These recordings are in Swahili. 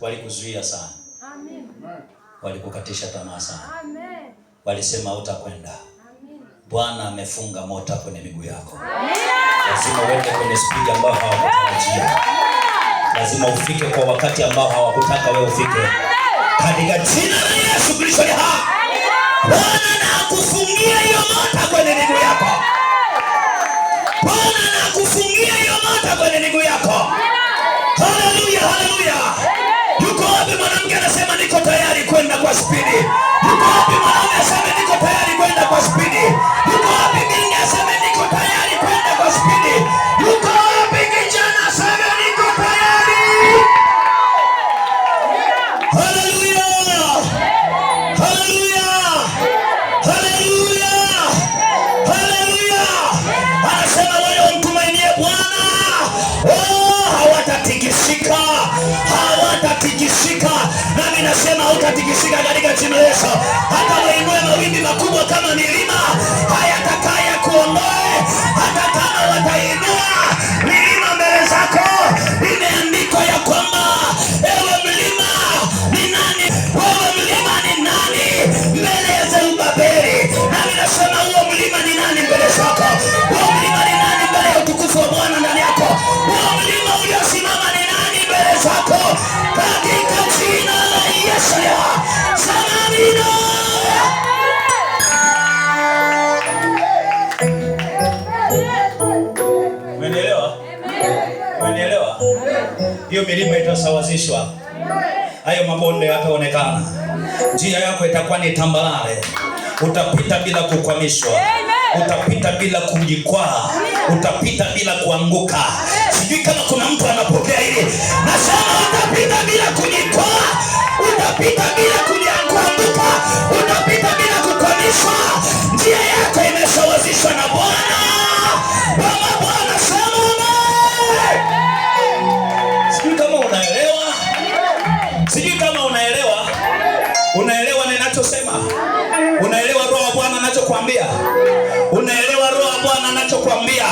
walikuzuia sana, Amen. walikukatisha tamaa sana, Amen. walisema utakwenda, Bwana amefunga mota kwenye miguu yako, Amen. lazima uende kwenye spidi ambayo hawakutarajia, lazima ufike kwa wakati ambao hawakutaka wewe ufike, katika jina la Yesu Kristo. ni Bwana akufungia hiyo mota kwenye kwenda kwa spidi? Yuko wapi mwanaume aseme niko tayari kwenda kwa spidi? Yuko wapi binti aseme niko tayari kwenda kwa spidi? Yuko wapi kijana aseme niko tayari? Haleluya! inasema hautatikisika katika jina la Yesu. Hata wainue mawimbi makubwa kama milima, hayatakaya kuondoe hata hiyo milima itasawazishwa, hayo mabonde yataonekana, njia yako itakuwa ni tambarare, utapita bila kukwamishwa, utapita bila kujikwaa, utapita bila kuanguka. Sijui kama kuna mtu anapokea hili, nasema utapita bila kujikwaa, utapita bila ninachokwambia? Unaelewa roho Bwana anachokwambia?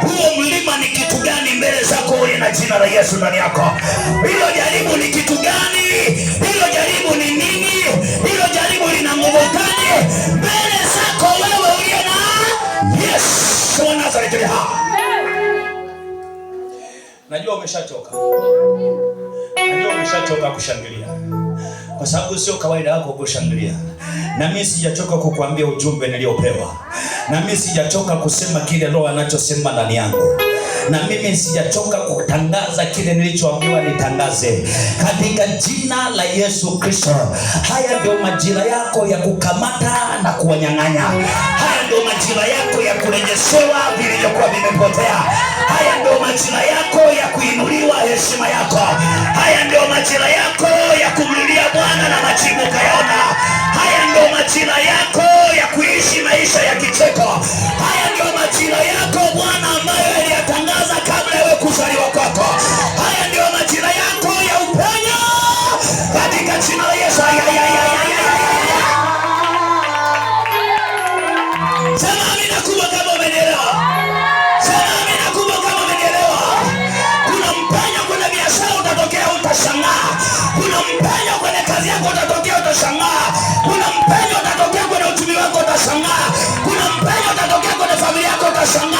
Huo mlima ni kitu gani mbele zako wewe na jina la Yesu ndani yako? Hilo jaribu ni kitu gani? Hilo jaribu ni nini? Hilo jaribu lina nguvu gani mbele zako wewe uliye na Yesu wa Nazareti? Najua umeshachoka. Najua umeshachoka kushangilia. Kwa sababu sio kawaida yako kushangilia na mimi sijachoka kukuambia ujumbe niliopewa, na mimi sijachoka kusema kile Roho anachosema ndani yangu na mimi sijachoka kutangaza kile nilichoambiwa nitangaze katika jina la Yesu Kristo. Haya ndio majira yako ya kukamata na kuwanyang'anya. Haya ndio majira yako ya kurejeshewa vilivyokuwa vimepotea. Haya ndio majira yako ya kuinuliwa heshima yako. Haya ndio majira yako ya kumlilia Bwana na majibu kayaona ndio majira yako ya kuishi maisha ya kicheko. Haya ndio majira yako Bwana ambayo aliyatangaza kabla ya kuzaliwa kwako. Haya ndio majira yako ya uponyo katika jina la Yesu. kazi yako utatokea, utashangaa. Kuna mpenyo utatokea kwenye uchumi wako, utashangaa. Kuna mpenyo utatokea kwenye familia yako, utashangaa.